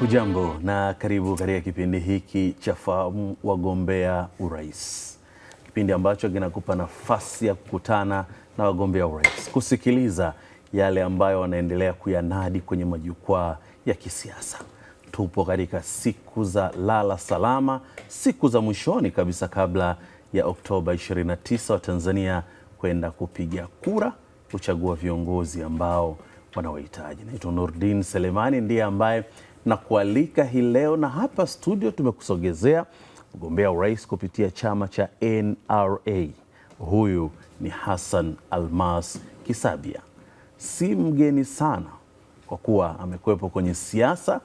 Hujambo na karibu katika kipindi hiki cha Fahamu Wagombea Urais, kipindi ambacho kinakupa nafasi ya kukutana na wagombea urais, kusikiliza yale ambayo wanaendelea kuyanadi kwenye majukwaa ya kisiasa. Tupo katika siku za lala salama, siku za mwishoni kabisa kabla ya Oktoba 29 wa Tanzania kwenda kupiga kura kuchagua viongozi ambao wanawahitaji. Naitwa Nurdin Selemani, ndiye ambaye na kualika hii leo, na hapa studio tumekusogezea mgombea urais kupitia chama cha NRA. Huyu ni Hassan Almas Kisabia, si mgeni sana kwa kuwa amekuwepo kwenye siasa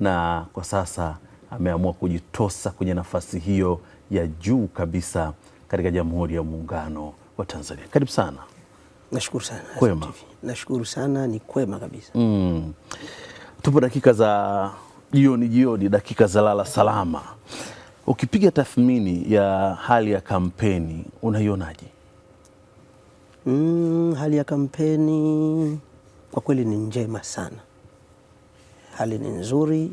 na kwa sasa ameamua kujitosa kwenye nafasi hiyo ya juu kabisa katika Jamhuri ya Muungano wa Tanzania. Karibu sana. Nashukuru sana. Kwema. Nashukuru sana, ni kwema kabisa. Mm. Tupo dakika za jioni, jioni, dakika za lala salama. Ukipiga tathmini ya hali ya kampeni unaionaje? Mm, hali ya kampeni kwa kweli ni njema sana, hali ni nzuri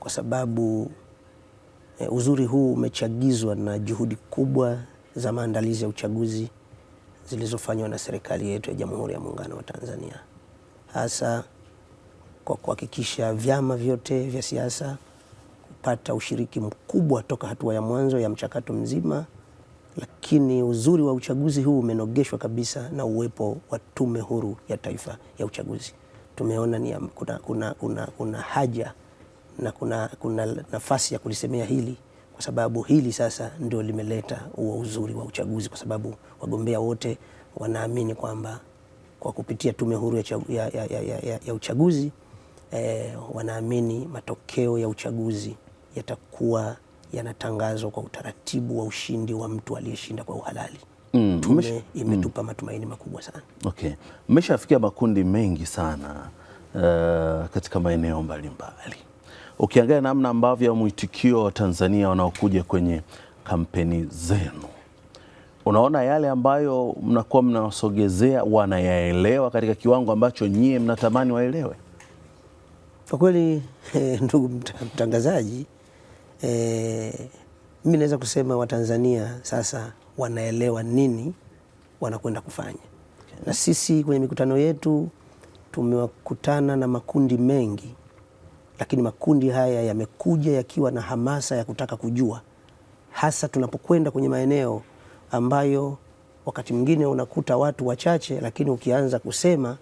kwa sababu e, uzuri huu umechagizwa na juhudi kubwa za maandalizi ya uchaguzi zilizofanywa na serikali yetu ya Jamhuri ya Muungano wa Tanzania hasa kwa kuhakikisha vyama vyote vya siasa kupata ushiriki mkubwa toka hatua ya mwanzo ya mchakato mzima. Lakini uzuri wa uchaguzi huu umenogeshwa kabisa na uwepo wa Tume Huru ya Taifa ya Uchaguzi. Tumeona ni kuna, kuna, kuna, kuna haja na kuna, kuna nafasi ya kulisemea hili kwa sababu hili sasa ndio limeleta huo uzuri wa uchaguzi, kwa sababu wagombea wote wanaamini kwamba kwa kupitia Tume Huru ya, ya, ya, ya, ya, ya Uchaguzi eh, wanaamini matokeo ya uchaguzi yatakuwa yanatangazwa kwa utaratibu wa ushindi wa mtu aliyeshinda kwa uhalali. Mm, tume mm. imetupa mm, matumaini makubwa sana. Okay, mmeshafikia makundi mengi sana uh, katika maeneo mbalimbali. Ukiangalia namna ambavyo mwitikio wa Tanzania wanaokuja kwenye kampeni zenu, unaona yale ambayo mnakuwa mnawasogezea wanayaelewa katika kiwango ambacho nyie mnatamani waelewe? Kwa kweli eh, ndugu mtangazaji eh, mimi naweza kusema Watanzania sasa wanaelewa nini wanakwenda kufanya Na sisi kwenye mikutano yetu tumewakutana na makundi mengi, lakini makundi haya yamekuja yakiwa na hamasa ya kutaka kujua, hasa tunapokwenda kwenye maeneo ambayo wakati mwingine unakuta watu wachache, lakini ukianza kusema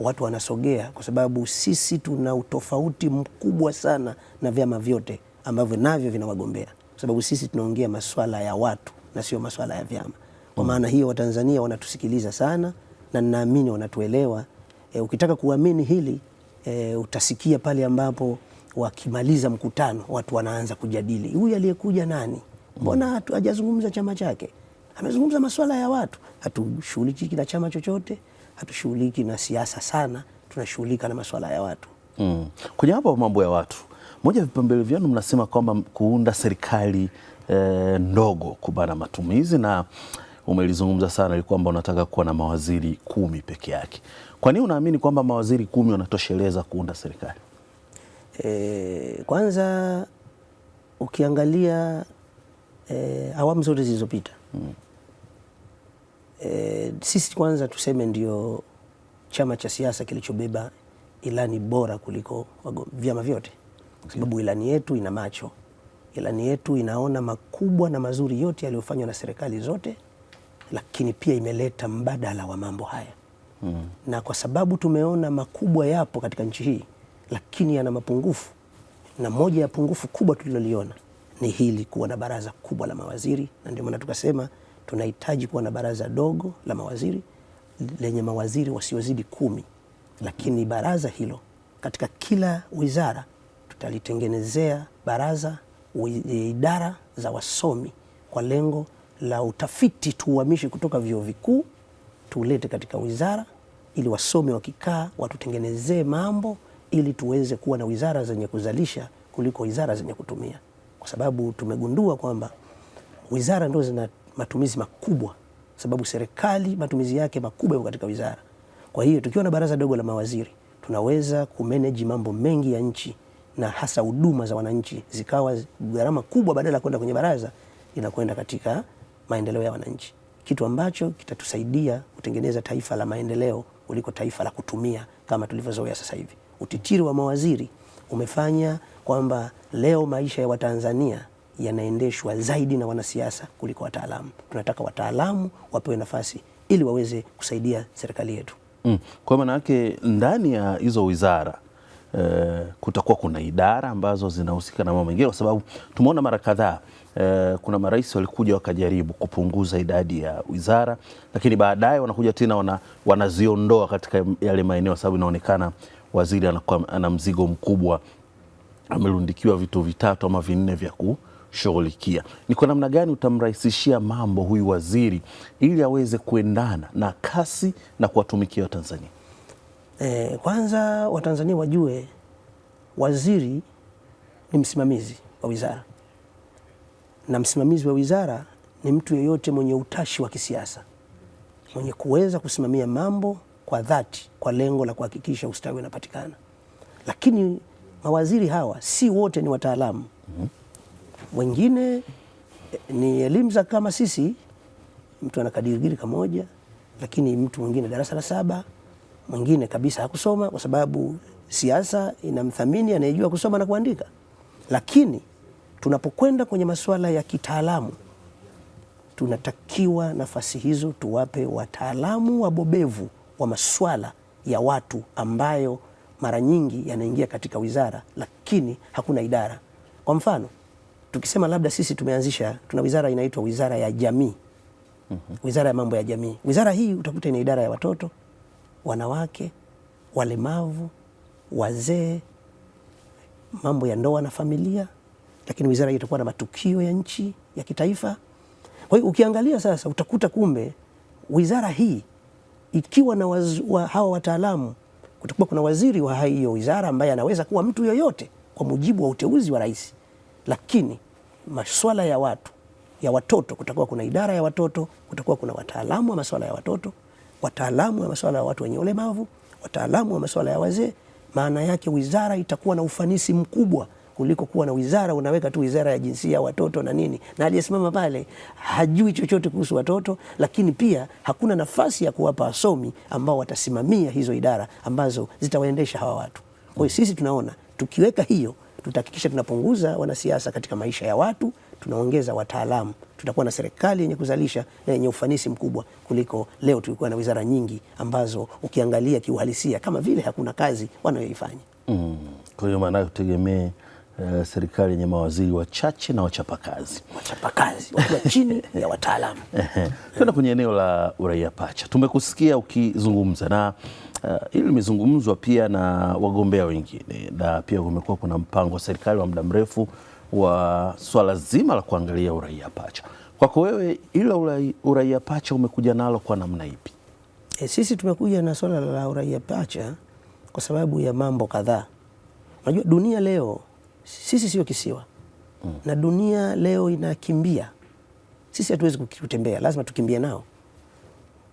watu wanasogea, kwa sababu sisi tuna utofauti mkubwa sana na vyama vyote ambavyo navyo vinawagombea, kwa sababu sisi tunaongea maswala ya watu na sio maswala ya vyama. Kwa mm. maana hiyo, Watanzania wanatusikiliza sana na ninaamini wanatuelewa. E, ukitaka kuamini hili e, utasikia pale ambapo wakimaliza mkutano watu wanaanza kujadili, huyu aliyekuja nani? Mbona mm. hajazungumza chama chake? Amezungumza masuala ya watu, hatushughulichi na chama chochote hatushughuliki na siasa sana, tunashughulika na masuala ya watu mm. Kwenye hapo mambo ya watu, moja ya vipembele vyenu mnasema kwamba kuunda serikali e, ndogo kubana matumizi na umelizungumza sana, ili kwamba unataka kuwa na mawaziri kumi peke yake. Kwa nini unaamini kwamba mawaziri kumi wanatosheleza kuunda serikali? E, kwanza ukiangalia e, awamu zote zilizopita mm eh, sisi kwanza tuseme ndio chama cha siasa kilichobeba ilani bora kuliko vyama vyote kwa sababu ilani yetu ina macho, ilani yetu inaona makubwa na mazuri yote yaliyofanywa na serikali zote, lakini pia imeleta mbadala wa mambo haya mm. Na kwa sababu tumeona makubwa yapo katika nchi hii, lakini yana mapungufu, na moja ya pungufu kubwa tuliloliona ni hili kuwa na baraza kubwa la mawaziri, na ndio maana tukasema tunahitaji kuwa na baraza dogo la mawaziri lenye mawaziri wasiozidi kumi, lakini baraza hilo katika kila wizara tutalitengenezea baraza idara za wasomi kwa lengo la utafiti tuuhamishe kutoka vyuo vikuu tulete katika wizara, ili wasomi wakikaa watutengenezee mambo, ili tuweze kuwa na wizara zenye kuzalisha kuliko wizara zenye kutumia, kwa sababu tumegundua kwamba wizara ndio zina matumizi makubwa, sababu serikali matumizi yake makubwa yako katika wizara. Kwa hiyo tukiwa na baraza dogo la mawaziri tunaweza kumeneji mambo mengi ya nchi na hasa huduma za wananchi zikawa gharama kubwa, badala ya kwenda kwenye baraza inakwenda katika maendeleo ya wananchi, kitu ambacho kitatusaidia kutengeneza taifa la maendeleo kuliko taifa la kutumia kama tulivyozoea sasa hivi. Utitiri wa mawaziri umefanya kwamba leo maisha ya Watanzania yanaendeshwa zaidi na wanasiasa kuliko wataalamu. Tunataka wataalamu wapewe nafasi ili waweze kusaidia serikali yetu. Mm. Kwa maana yake ndani ya hizo wizara e, kutakuwa kuna idara ambazo zinahusika na mambo mengine, kwa sababu tumeona mara kadhaa uh, kuna marais walikuja wakajaribu kupunguza idadi ya wizara, lakini baadaye wanakuja tena wana, wanaziondoa katika yale maeneo, sababu inaonekana waziri anakuwa ana mzigo mkubwa, amerundikiwa vitu vitatu ama vinne vya ku kushughulikia. Ni kwa namna gani utamrahisishia mambo huyu waziri ili aweze kuendana na kasi na kuwatumikia Watanzania? E, kwanza Watanzania wajue waziri ni msimamizi wa wizara na msimamizi wa wizara ni mtu yeyote mwenye utashi wa kisiasa mwenye kuweza kusimamia mambo kwa dhati kwa lengo la kuhakikisha ustawi unapatikana. Lakini mawaziri hawa si wote ni wataalamu. mm -hmm. Wengine eh, ni elimu za kama sisi, mtu ana kadigiri kamoja, lakini mtu mwingine darasa la saba, mwingine kabisa hakusoma, kwa sababu siasa inamthamini anayejua kusoma na kuandika. Lakini tunapokwenda kwenye masuala ya kitaalamu, tunatakiwa nafasi hizo tuwape wataalamu wabobevu wa masuala ya watu ambayo mara nyingi yanaingia katika wizara, lakini hakuna idara. Kwa mfano tukisema labda sisi tumeanzisha, tuna wizara inaitwa wizara ya jamii mm -hmm. wizara ya mambo ya jamii. Wizara hii utakuta ina idara ya watoto, wanawake, walemavu, wazee, mambo ya ndoa na familia, lakini wizara hii itakuwa na matukio ya nchi ya kitaifa. Kwa hiyo ukiangalia sasa, utakuta kumbe wizara hii ikiwa na wa, hawa wataalamu, kutakuwa kuna waziri wa hiyo wizara ambaye anaweza kuwa mtu yoyote kwa mujibu wa uteuzi wa rais, lakini maswala ya watu ya watoto, kutakuwa kuna idara ya watoto, kutakuwa kuna wataalamu wa maswala ya watoto, wataalamu wa maswala ya watu wenye ulemavu, wataalamu wa maswala ya wazee. Maana yake wizara itakuwa na ufanisi mkubwa kuliko kuwa na wizara unaweka tu wizara ya jinsia, watoto na nini, na aliyesimama pale hajui chochote kuhusu watoto. Lakini pia hakuna nafasi ya kuwapa wasomi ambao watasimamia hizo idara ambazo zitawaendesha hawa watu. Kwa hiyo sisi tunaona tukiweka hiyo tutahakikisha tunapunguza wanasiasa katika maisha ya watu, tunaongeza wataalamu, tutakuwa na serikali yenye kuzalisha yenye ufanisi mkubwa kuliko leo. Tulikuwa na wizara nyingi ambazo ukiangalia kiuhalisia kama vile hakuna kazi wanayoifanya. Mm. Kwa hiyo maanake tutegemee uh, serikali yenye mawaziri wachache na wachapakazi, wachapakazi wakiwa chini ya wataalamu. Tuenda kwenye eneo la uraia pacha, tumekusikia ukizungumza na Eh, hili limezungumzwa pia na wagombea wengine na pia kumekuwa kuna mpango wa serikali wa muda mrefu wa swala zima la kuangalia uraia pacha. Kwako wewe, ila uraia pacha umekuja nalo kwa namna ipi? E, sisi tumekuja na swala la uraia pacha kwa sababu ya mambo kadhaa. Unajua dunia leo sisi sio kisiwa mm. na dunia leo inakimbia, sisi hatuwezi kutembea, lazima tukimbie nao.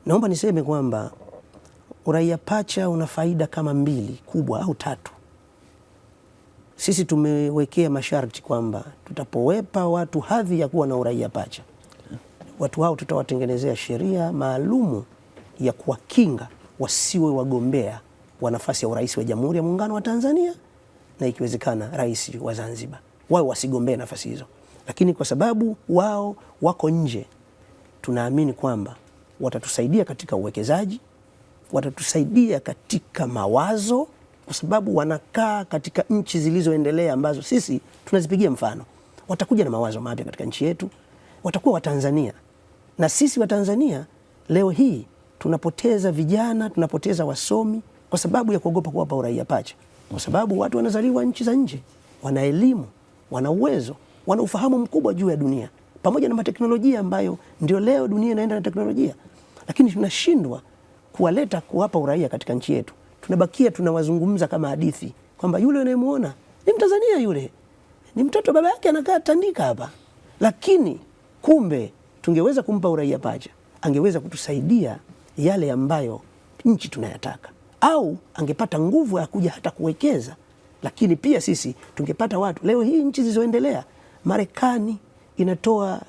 Naomba niseme kwamba Uraia pacha una faida kama mbili kubwa au tatu. Sisi tumewekea masharti kwamba tutapowepa watu hadhi ya kuwa na uraia pacha, watu hao tutawatengenezea sheria maalumu ya kuwakinga wasiwe wagombea wa nafasi ya urais wa Jamhuri ya Muungano wa Tanzania na ikiwezekana rais wa Zanzibar, wao wasigombee nafasi hizo. Lakini kwa sababu wao wako nje, tunaamini kwamba watatusaidia katika uwekezaji watatusaidia katika mawazo, kwa sababu wanakaa katika nchi zilizoendelea ambazo sisi tunazipigia mfano. Watakuja na mawazo mapya katika nchi yetu, watakuwa Watanzania na sisi Watanzania leo hii tunapoteza vijana, tunapoteza wasomi kwa sababu ya kuogopa kuwapa uraia pacha, kwa sababu watu wanazaliwa nchi za nje, wana elimu, wana uwezo, wana ufahamu mkubwa juu ya dunia, pamoja na mateknolojia ambayo ndio leo dunia inaenda na teknolojia, lakini tunashindwa kuwaleta kuwapa uraia katika nchi yetu, tunabakia tunawazungumza kama hadithi kwamba yule unayemwona ni Mtanzania, yule ni mtoto baba yake anakaa Tandika hapa, lakini kumbe tungeweza kumpa uraia pacha, angeweza kutusaidia yale ambayo nchi tunayataka, au angepata nguvu ya kuja hata kuwekeza. Lakini pia sisi tungepata watu. Leo hii nchi zilizoendelea, Marekani inatoa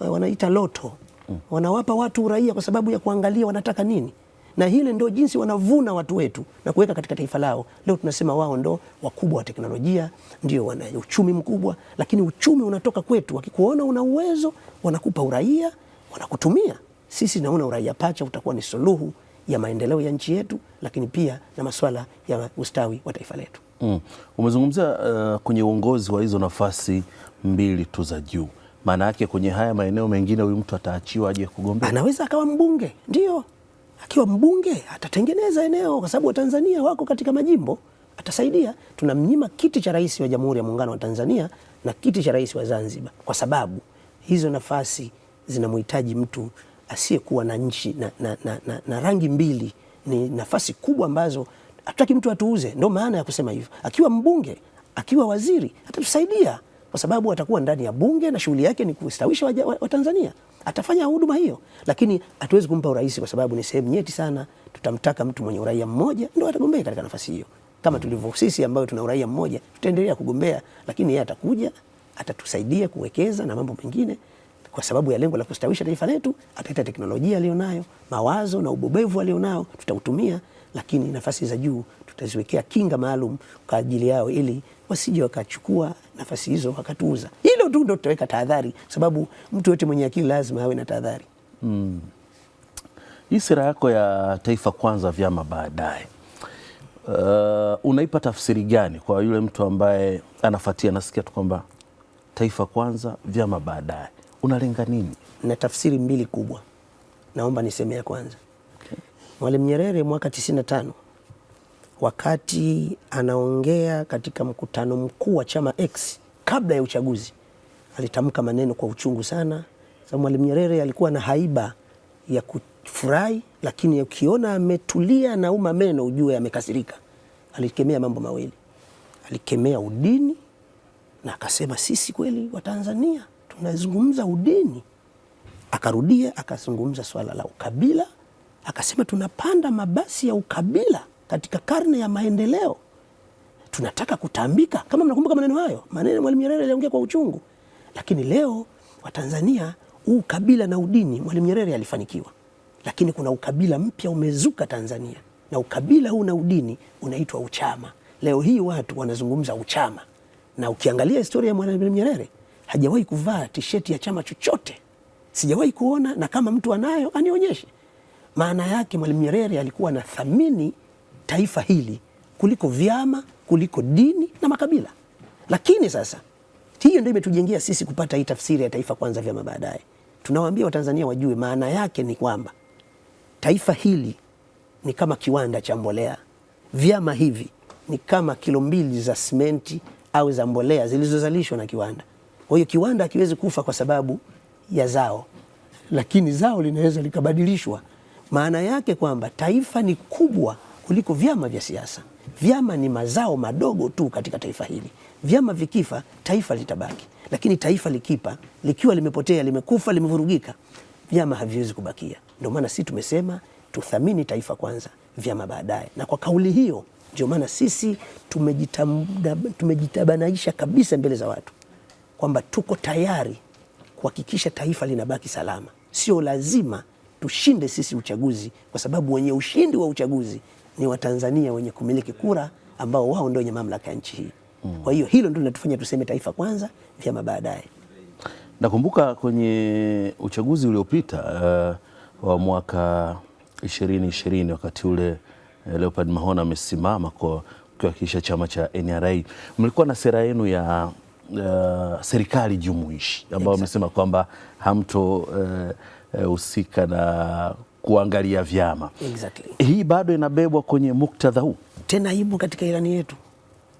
uh, wanaita loto, mm. wanawapa watu uraia kwa sababu ya kuangalia wanataka nini na hile ndo jinsi wanavuna watu wetu na kuweka katika taifa lao. Leo tunasema wao ndo wakubwa wa teknolojia, ndio wana uchumi mkubwa, lakini uchumi unatoka kwetu. Wakikuona una uwezo, wanakupa uraia, wanakutumia. Sisi naona uraia pacha utakuwa ni suluhu ya maendeleo ya nchi yetu, lakini pia na masuala ya ustawi wa taifa letu. Mm. Umezungumzia uh, kwenye uongozi wa hizo nafasi mbili tu za juu maana yake kwenye haya maeneo mengine huyu mtu ataachiwa aje kugombea, anaweza akawa mbunge, ndio akiwa mbunge atatengeneza eneo, kwa sababu Watanzania wako katika majimbo, atasaidia. Tunamnyima kiti cha rais wa Jamhuri ya Muungano wa Tanzania na kiti cha rais wa Zanzibar, kwa sababu hizo nafasi zinamhitaji mtu asiyekuwa na nchi na, na, na, na, na rangi mbili. Ni nafasi kubwa ambazo hatutaki mtu atuuze. Ndio maana ya kusema hivyo, akiwa mbunge, akiwa waziri, atatusaidia kwa sababu atakuwa ndani ya bunge na shughuli yake ni kustawisha Watanzania wa, wa atafanya huduma hiyo, lakini hatuwezi kumpa urais kwa sababu ni sehemu nyeti sana. Tutamtaka mtu mwenye uraia mmoja ndio atagombea katika nafasi hiyo, kama tulivyo sisi ambayo tuna uraia mmoja tutaendelea kugombea, lakini yeye atakuja atatusaidia kuwekeza na mambo mengine kwa sababu ya lengo la kustawisha taifa letu. Ataleta teknolojia aliyonayo, mawazo na ubobevu alionao, tutautumia, lakini nafasi za juu tutaziwekea kinga maalum kwa ajili yao, ili wasije wakachukua nafasi hizo akatuuza. Hilo tu ndo tutaweka tahadhari, sababu mtu yote mwenye akili lazima awe na tahadhari. hmm. Hii sera yako ya Taifa Kwanza, vyama baadaye, uh, unaipa tafsiri gani kwa yule mtu ambaye anafuatia, nasikia tu kwamba Taifa Kwanza, vyama baadaye, unalenga nini? Na tafsiri mbili kubwa, naomba nisemea kwanza. Okay. Mwalimu Nyerere mwaka 95 wakati anaongea katika mkutano mkuu wa chama X kabla ya uchaguzi, alitamka maneno kwa uchungu sana, sababu Mwalimu Nyerere alikuwa na haiba ya kufurahi, lakini ukiona ametulia na uma meno ujue amekasirika. Alikemea mambo mawili, alikemea udini na akasema sisi kweli Watanzania tunazungumza udini, akarudia akazungumza swala la ukabila, akasema tunapanda mabasi ya ukabila katika karne ya maendeleo tunataka kutambika. Kama mnakumbuka maneno hayo, maneno Mwalimu Nyerere aliongea kwa uchungu, lakini leo Watanzania, huu ukabila na udini, Mwalimu Nyerere alifanikiwa, lakini kuna ukabila mpya umezuka Tanzania, na ukabila huu na udini unaitwa uchama. Leo hii watu wanazungumza uchama, na ukiangalia historia ya Mwalimu Nyerere hajawahi kuvaa tisheti ya chama chochote, sijawahi kuona, na kama mtu anayo anionyeshe. Maana yake Mwalimu Nyerere alikuwa na thamini taifa hili kuliko vyama, kuliko dini na makabila. Lakini sasa hiyo ndio imetujengea sisi kupata hii tafsiri ya taifa kwanza, vyama baadaye. Tunawaambia Watanzania wajue maana yake ni kwamba taifa hili ni kama kiwanda cha mbolea, vyama hivi ni kama kilo mbili za simenti au za mbolea zilizozalishwa na kiwanda. Kwa hiyo kiwanda hakiwezi kufa kwa sababu ya zao, lakini zao linaweza likabadilishwa. Maana yake kwamba taifa ni kubwa kuliko vyama vya siasa. Vyama ni mazao madogo tu katika taifa hili. Vyama vikifa, taifa litabaki, lakini taifa likipa, likiwa limepotea, limekufa, limevurugika, vyama haviwezi kubakia. Ndio maana sisi tumesema tuthamini taifa kwanza, vyama baadaye, na kwa kauli hiyo ndio maana sisi tumejitabanaisha kabisa mbele za watu kwamba tuko tayari kuhakikisha taifa linabaki salama. Sio lazima tushinde sisi uchaguzi, kwa sababu wenye ushindi wa uchaguzi ni Watanzania wenye kumiliki kura ambao wao ndio wenye mamlaka ya nchi hii. Kwa hiyo hilo ndio linatufanya tuseme taifa kwanza, vyama baadaye. Nakumbuka kwenye uchaguzi uliopita uh, wa mwaka 2020 wakati ule eh, Leopard Mahona amesimama kwa kuhakikisha chama cha NRA, mlikuwa na sera yenu ya uh, serikali jumuishi ambayo exactly. kwamba hamto uh, uh, na kuangalia vyama exactly. Hii bado inabebwa kwenye muktadha huu, tena imo katika ilani yetu,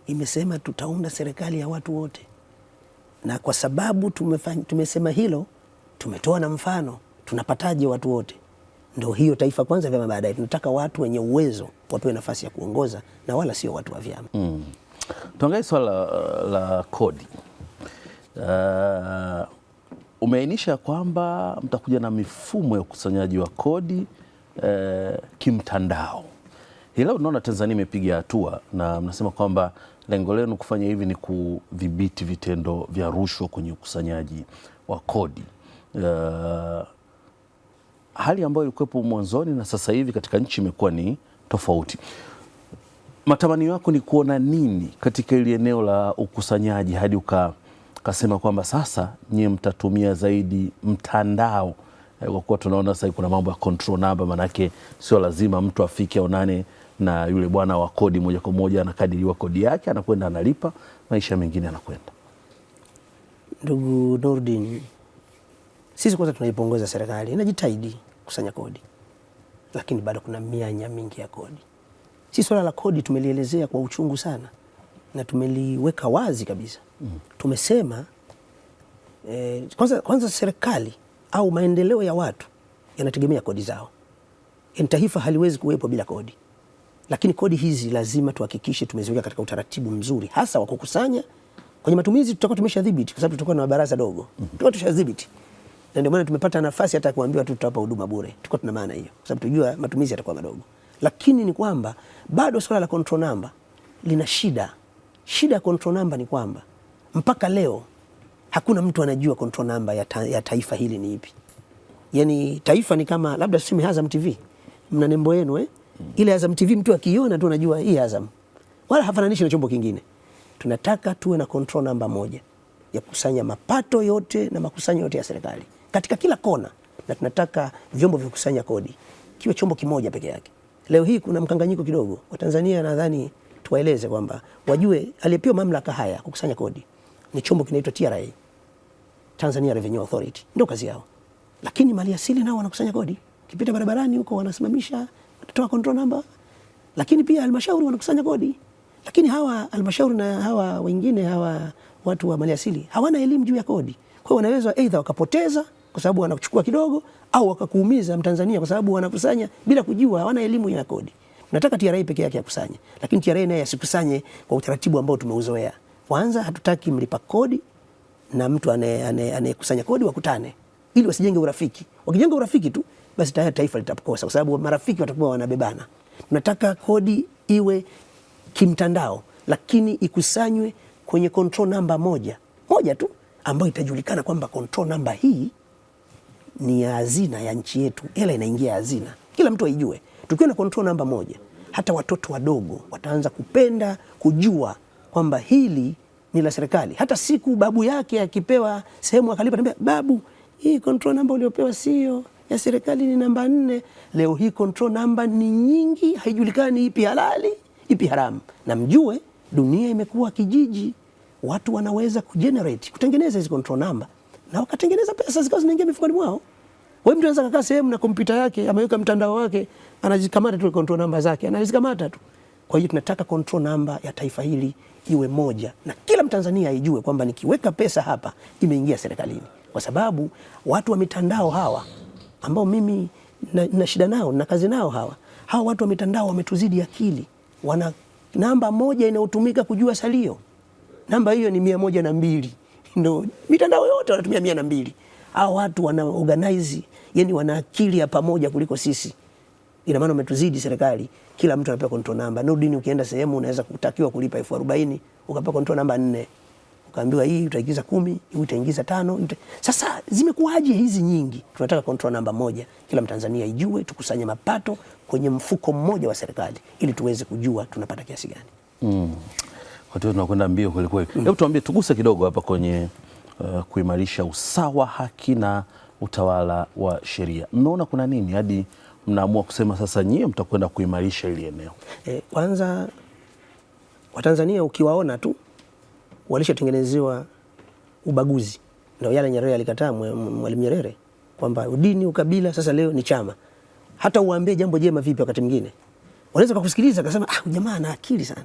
imesema tutaunda serikali ya watu wote, na kwa sababu tumefanya, tumesema hilo, tumetoa na mfano, tunapataje watu wote? Ndio hiyo Taifa Kwanza, vyama baadaye. Tunataka watu wenye uwezo wapewe nafasi ya kuongoza na wala sio watu wa vyama mm. Tuangalie swala la, la kodi uh, umeainisha kwamba mtakuja na mifumo ya ukusanyaji wa kodi eh, kimtandao. Hii leo Tanzania imepiga hatua na mnasema kwamba lengo lenu kufanya hivi ni kudhibiti vitendo vya rushwa kwenye ukusanyaji wa kodi eh, hali ambayo ilikuwepo mwanzoni na sasa hivi katika nchi imekuwa ni tofauti. Matamanio yako ni kuona nini katika ili eneo la ukusanyaji hadi ukaa kasema kwamba sasa nyie mtatumia zaidi mtandao eh, kwa kuwa tunaona sasa kuna mambo ya control number, manake sio lazima mtu afike aonane na yule bwana wa kodi moja kwa moja, anakadiriwa kodi yake, anakwenda analipa, maisha mengine anakwenda. Ndugu Nurdin, sisi kwanza tunaipongeza serikali, inajitahidi kusanya kodi, lakini bado kuna mianya mingi ya kodi. Sisi swala la kodi tumelielezea kwa uchungu sana na tumeliweka wazi kabisa mm. Tumesema eh, kwanza, kwanza serikali au maendeleo ya watu yanategemea kodi zao. Taifa haliwezi kuwepo bila kodi, lakini kodi hizi lazima tuhakikishe tumeziweka katika utaratibu mzuri, hasa wa kukusanya. Kwenye matumizi tutakuwa tumeshadhibiti, kwa sababu tutakuwa na baraza dogo mm -hmm. tutakuwa tushadhibiti, na ndio maana tumepata nafasi hata kuambiwa tu tutawapa huduma bure, tuko tuna maana hiyo, kwa sababu tujua matumizi yatakuwa madogo, lakini ni kwamba bado swala la control number lina shida mm Shida ya control number ni kwamba mpaka leo hakuna mtu anajua control number ya, ta, ya taifa hili ni ipi. Yani taifa ni kama labda tuseme Azam TV, mna nembo yenu eh? Ile Azam TV mtu akiona tu anajua hii Azam, wala hafananishi na chombo kingine. Tunataka tuwe na control namba moja ya kukusanya mapato yote na makusanyo yote ya serikali katika kila kona, na tunataka vyombo vya kukusanya kodi kiwe chombo kimoja peke yake. Leo hii kuna mkanganyiko kidogo, Watanzania nadhani tuwaeleze kwamba wajue aliyepewa mamlaka haya kukusanya kodi ni chombo kinaitwa TRA, Tanzania Revenue Authority, ndio kazi yao. Lakini mali asili nao wanakusanya kodi, kipita barabarani huko wanasimamisha, watatoa control number. Lakini pia halmashauri wanakusanya kodi, lakini hawa halmashauri na hawa wengine hawa watu wa mali asili hawana elimu juu ya kodi, kwa hiyo wanaweza aidha wakapoteza kwa sababu wanachukua kidogo au wakakuumiza Mtanzania kwa sababu wanakusanya bila kujua, hawana elimu ya kodi. Nataka TRA peke yake yakusanye, lakini TRA naye asikusanye kwa utaratibu ambao tumeuzoea. Kwanza hatutaki mlipa kodi na mtu anayekusanya kodi wakutane, ili wasijenge urafiki. Wakijenga urafiki tu, basi tayari taifa litakosa, kwa sababu marafiki watakuwa wanabebana. Tunataka kodi iwe kimtandao, lakini ikusanywe kwenye control namba moja moja tu, ambayo itajulikana kwamba control namba hii ni ya hazina ya nchi yetu, hela inaingia hazina, kila mtu aijue. Tukiwa na control namba moja, hata watoto wadogo wataanza kupenda kujua kwamba hili ni la serikali. Hata siku babu yake akipewa sehemu akalipa, anambia babu, hii control namba uliopewa sio ya serikali, ni namba nne. Leo hii control namba ni nyingi, haijulikani ipi halali ipi haramu. Na mjue dunia imekuwa kijiji, watu wanaweza kugenerate kutengeneza hizi control namba na wakatengeneza pesa zikawa zinaingia mifukoni mwao. Wewe mtu anaweza kukaa sehemu na kompyuta yake ameweka mtandao wake anajikamata tu control namba zake, anajikamata tu. Kwa hiyo tunataka control namba ya taifa hili iwe moja na kila Mtanzania aijue kwamba nikiweka pesa hapa imeingia serikalini, kwa sababu watu wa mitandao hawa ambao mimi na, na shida nao na kazi nao hawa hawa watu wa mitandao wametuzidi akili. Wana namba moja inayotumika kujua salio, namba hiyo ni mia moja na mbili. Ndo mitandao yote wanatumia mia na mbili. Hawa watu wana organize yani wana akili ya pamoja kuliko sisi. Ina maana umetuzidi serikali, kila mtu anapewa control number. Nurdin, ukienda sehemu unaweza kutakiwa kulipa elfu arobaini ukapewa control number nne, ukaambiwa hii utaingiza kumi, hii utaingiza tano Ute... Sasa zimekuwaje hizi nyingi? Tunataka control namba moja, kila mtanzania ijue, tukusanye mapato kwenye mfuko mmoja wa serikali ili tuweze kujua tunapata kiasi gani. Mm. Watu wetu tunakwenda mbio kweli kweli. Mm. Hebu tuambie, tuguse kidogo hapa kwenye uh, kuimarisha usawa, haki na utawala wa sheria. Mnaona kuna nini hadi mnaamua kusema sasa nyie mtakwenda kuimarisha ili eneo? E, kwanza Watanzania ukiwaona tu walishatengenezewa ubaguzi. Ndio yale Nyerere alikataa, Mwalimu Nyerere kwamba udini, ukabila, sasa leo ni chama. Hata uambie jambo jema vipi, wakati mwingine wanaweza kukusikiliza akasema, ah, jamaa ana akili sana,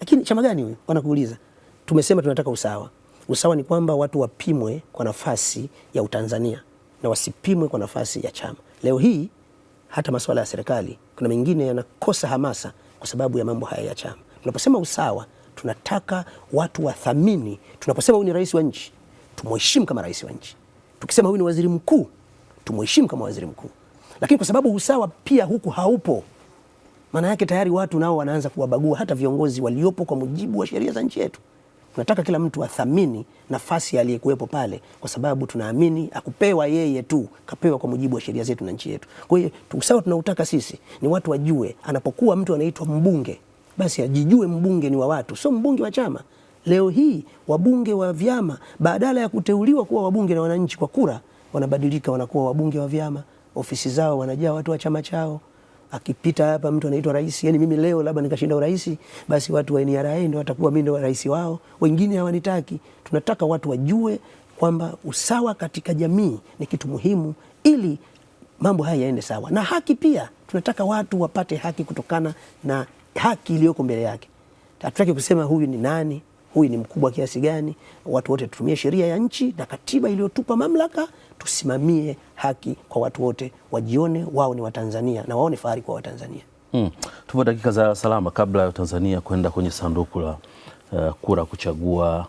lakini chama gani huyo? Wanakuuliza. Tumesema tunataka usawa. Usawa ni kwamba watu wapimwe kwa nafasi ya Utanzania na wasipimwe kwa nafasi ya chama. Leo hii hata masuala ya serikali kuna mengine yanakosa hamasa kwa sababu ya mambo haya ya chama. Tunaposema usawa, tunataka watu wathamini. Tunaposema huyu ni rais wa nchi, tumheshimu kama rais wa nchi. Tukisema huyu ni waziri mkuu, tumheshimu kama waziri mkuu. Lakini kwa sababu usawa pia huku haupo, maana yake tayari watu nao wanaanza kuwabagua hata viongozi waliopo kwa mujibu wa sheria za nchi yetu tunataka kila mtu athamini nafasi aliyekuwepo pale, kwa sababu tunaamini akupewa yeye tu, kapewa kwa mujibu wa sheria zetu na nchi yetu. Kwa hiyo usawa tunautaka sisi ni watu wajue, anapokuwa mtu anaitwa mbunge, basi ajijue mbunge ni wa watu, sio mbunge wa chama. Leo hii wabunge wa vyama badala ya kuteuliwa kuwa wabunge na wananchi kwa kura, wanabadilika wanakuwa wabunge wa vyama, ofisi zao wanajaa watu wa chama chao akipita hapa mtu anaitwa rais, yani mimi leo labda nikashinda urais, basi watu wa NRA ndio watakuwa mimi ndio rais wao, wengine hawanitaki. Tunataka watu wajue kwamba usawa katika jamii ni kitu muhimu ili mambo haya yaende sawa, na haki pia. Tunataka watu wapate haki kutokana na haki iliyoko mbele yake. Hatutaki kusema huyu ni nani huyu ni mkubwa kiasi gani. Watu wote tutumie sheria ya nchi na katiba iliyotupa mamlaka, tusimamie haki kwa watu wote, wajione wao ni Watanzania na waone fahari kwa Watanzania. Hmm. Tupo dakika za salama kabla ya Tanzania kwenda kwenye sanduku la uh, kura kuchagua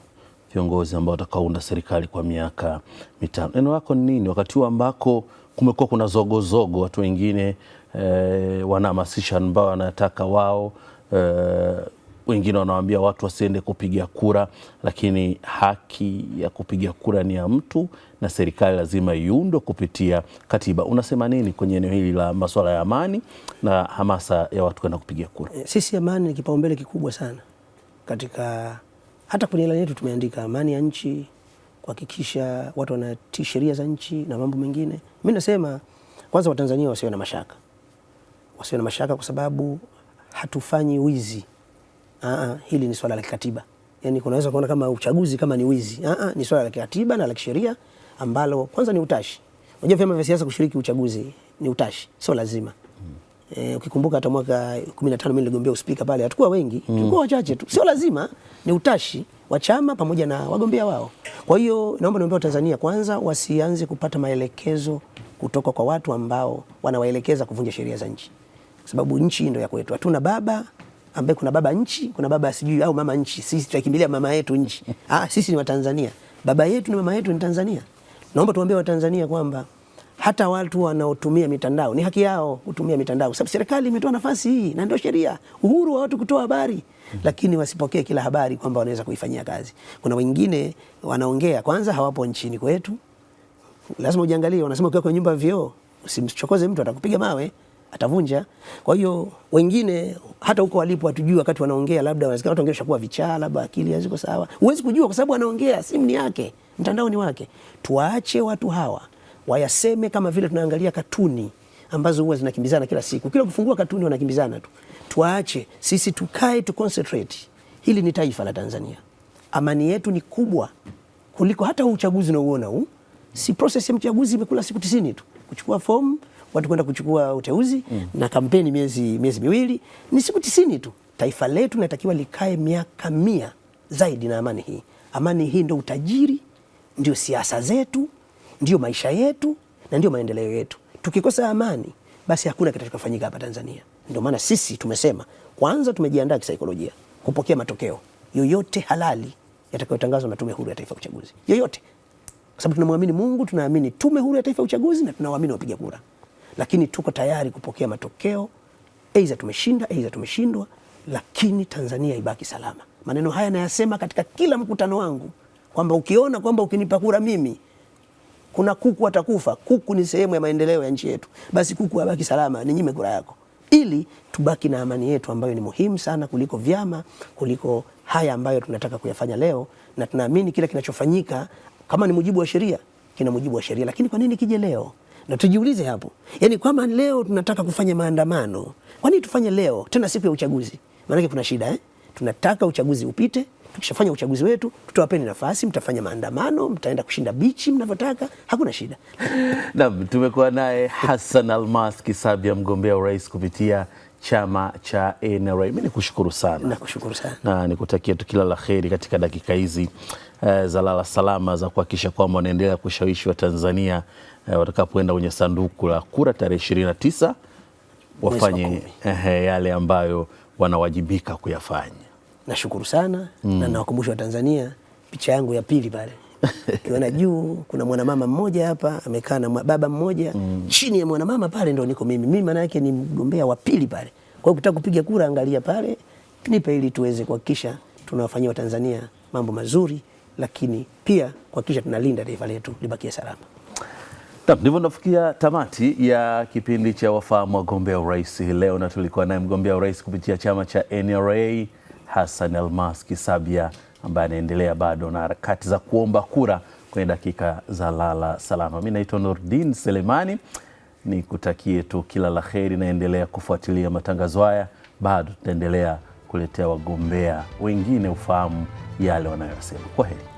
viongozi ambao watakaounda serikali kwa miaka mitano. Neno lako ni nini wakati huu ambako kumekuwa kuna zogozogo zogo, watu wengine eh, wanahamasisha ambao wanataka wao eh, wengine wanawaambia watu wasiende kupiga kura, lakini haki ya kupiga kura ni ya mtu na serikali lazima iundwe kupitia katiba. Unasema nini kwenye eneo hili la masuala ya amani na hamasa ya watu kwenda kupiga kura? Eh, sisi amani ni kipaumbele kikubwa sana katika, hata kwenye ilani yetu tumeandika amani ya nchi, kuhakikisha watu wanatii sheria za nchi na mambo mengine. mi nasema kwanza, Watanzania wasiwe na mashaka, wasiwe na mashaka kwa sababu hatufanyi wizi Aa, ah, ah, hili ni swala la kikatiba. Yani kunaweza kuona kama uchaguzi kama ni wizi. Aa, ah, ni swala la kikatiba na la kisheria ambalo kwanza ni utashi. Unajua vyama vya siasa kushiriki uchaguzi ni utashi, sio lazima. E, ukikumbuka hata mwaka 15 mimi niligombea uspika pale, hatakuwa wengi, mm. tulikuwa wachache tu, sio lazima, ni utashi wa chama pamoja na wagombea wao. Kwa hiyo naomba niombe Watanzania kwanza wasianze kupata maelekezo kutoka kwa watu ambao wanawaelekeza kuvunja sheria za nchi, kwa sababu nchi ndio ya kwetu. Hatuna baba ambaye kuna baba nchi, kuna baba sijui au mama nchi. Sisi tunakimbilia mama yetu nchi. Ah, sisi ni Watanzania, baba yetu na mama yetu ni Tanzania. Naomba tuambie Watanzania kwamba hata watu wanaotumia mitandao ni haki yao kutumia mitandao, sababu serikali imetoa nafasi hii na ndio sheria, uhuru wa watu kutoa habari, lakini wasipokee kila habari kwamba wanaweza kuifanyia kazi. Kuna wengine wanaongea, kwanza hawapo nchini kwetu, lazima ujiangalie. Wanasema ukiwa kwenye nyumba vioo, usimchokoze mtu, atakupiga mawe atavunja. Kwa hiyo wengine hata huko walipo hatujui, wakati wanaongea, labda wanasikia watu wengine shakuwa vichaa, labda akili haziko sawa, huwezi kujua kwa sababu anaongea, simu ni yake, mtandao ni wake. Tuache watu hawa wayaseme, kama vile tunaangalia katuni ambazo huwa zinakimbizana kila siku, kila ukifungua katuni wanakimbizana tu. Tuache sisi tukae, tu concentrate. Hili ni taifa la Tanzania, amani yetu ni kubwa kuliko hata uchaguzi unaouona huu. Si process ya mchaguzi imekula siku tisini tu kuchukua fomu watu kwenda kuchukua uteuzi mm. na kampeni miezi, miezi miwili ni siku tisini tu. Taifa letu linatakiwa likae miaka mia zaidi na amani hii. Amani hii ndio utajiri, ndio siasa zetu, ndio maisha yetu na ndio maendeleo yetu. Tukikosa amani, basi hakuna kitakachofanyika hapa Tanzania. Ndio maana sisi tumesema kwanza, tumejiandaa kisaikolojia kupokea matokeo yoyote halali yatakayotangazwa na Tume Huru ya Taifa ya Uchaguzi yoyote, kwa sababu tunamwamini Mungu, tunaamini Tume Huru ya Taifa ya Uchaguzi na tunawaamini wapiga kura lakini tuko tayari kupokea matokeo, aidha tumeshinda, aidha tumeshindwa, lakini Tanzania ibaki salama. Maneno haya nayasema katika kila mkutano wangu kwamba ukiona kwamba ukinipa kura mimi kuna kuku atakufa. Kuku ni sehemu ya maendeleo ya nchi yetu, basi kuku abaki salama, ni nyime kura yako, ili tubaki na amani yetu ambayo ni muhimu sana kuliko vyama, kuliko haya ambayo tunataka kuyafanya leo, na tunaamini kila kinachofanyika kama ni mujibu wa sheria kina mujibu wa sheria. Lakini kwa nini kije leo? na tujiulize hapo, yaani kwamba leo tunataka kufanya maandamano, kwa nini tufanye leo tena siku ya uchaguzi? Maanake kuna shida eh? Tunataka uchaguzi upite. Tukishafanya uchaguzi wetu, tutawapeni nafasi, mtafanya maandamano, mtaenda kushinda bichi mnavyotaka, hakuna shida. Naam, tumekuwa naye Hassan Almas Kisabya, mgombea urais kupitia chama cha NRA. Mimi nikushukuru sana, nakushukuru sana na nikutakia tu kila la kheri katika dakika hizi uh, za lala salama za kuhakikisha kwamba wanaendelea kushawishi tanzania eh, watakapoenda kwenye sanduku la kura tarehe ishirini na tisa wafanye eh, yale ambayo wanawajibika kuyafanya. Nashukuru sana mm. na nawakumbusha Watanzania picha yangu ya pili pale kiona juu kuna mwanamama mmoja hapa amekaa na baba mmoja mm. chini ya mwanamama pale ndo niko mimi. Mimi maana yake ni mgombea wa pili pale. Kwa hiyo ukitaka kupiga kura, angalia pale, nipe ili tuweze kuhakikisha tunawafanyia Watanzania mambo mazuri, lakini pia kuhakikisha tunalinda taifa letu libakie salama. Naam, ndivyo nafikia tamati ya kipindi cha wafahamu wagombea urais leo, na tulikuwa naye mgombea urais kupitia chama cha NRA Hassan Almas Kisabia ambaye anaendelea bado na harakati za kuomba kura kwenye dakika za lala salama. Mimi naitwa Nurdin Selemani, ni kutakie tu kila la heri, naendelea kufuatilia matangazo haya, bado tutaendelea kuletea wagombea wengine ufahamu yale wanayosema. Kwa heri.